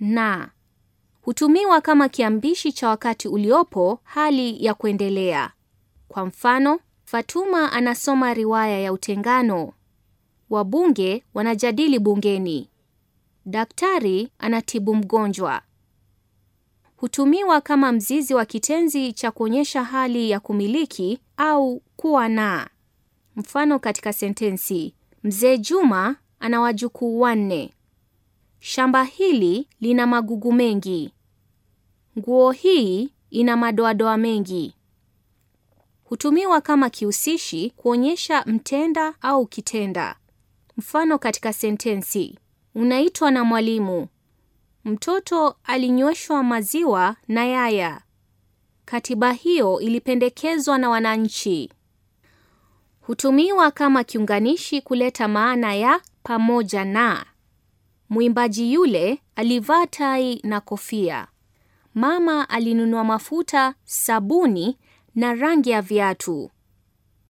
na hutumiwa kama kiambishi cha wakati uliopo, hali ya kuendelea. Kwa mfano, Fatuma anasoma riwaya ya Utengano. Wabunge wanajadili bungeni. Daktari anatibu mgonjwa. Hutumiwa kama mzizi wa kitenzi cha kuonyesha hali ya kumiliki au kuwa na. Mfano katika sentensi: Mzee Juma ana wajukuu wanne. Shamba hili lina magugu mengi. Nguo hii ina madoadoa mengi. Hutumiwa kama kihusishi kuonyesha mtenda au kitenda. Mfano katika sentensi: unaitwa na mwalimu. Mtoto alinyweshwa maziwa na yaya. Katiba hiyo ilipendekezwa na wananchi. Hutumiwa kama kiunganishi kuleta maana ya pamoja na. Mwimbaji yule alivaa tai na kofia. Mama alinunua mafuta, sabuni na rangi ya viatu.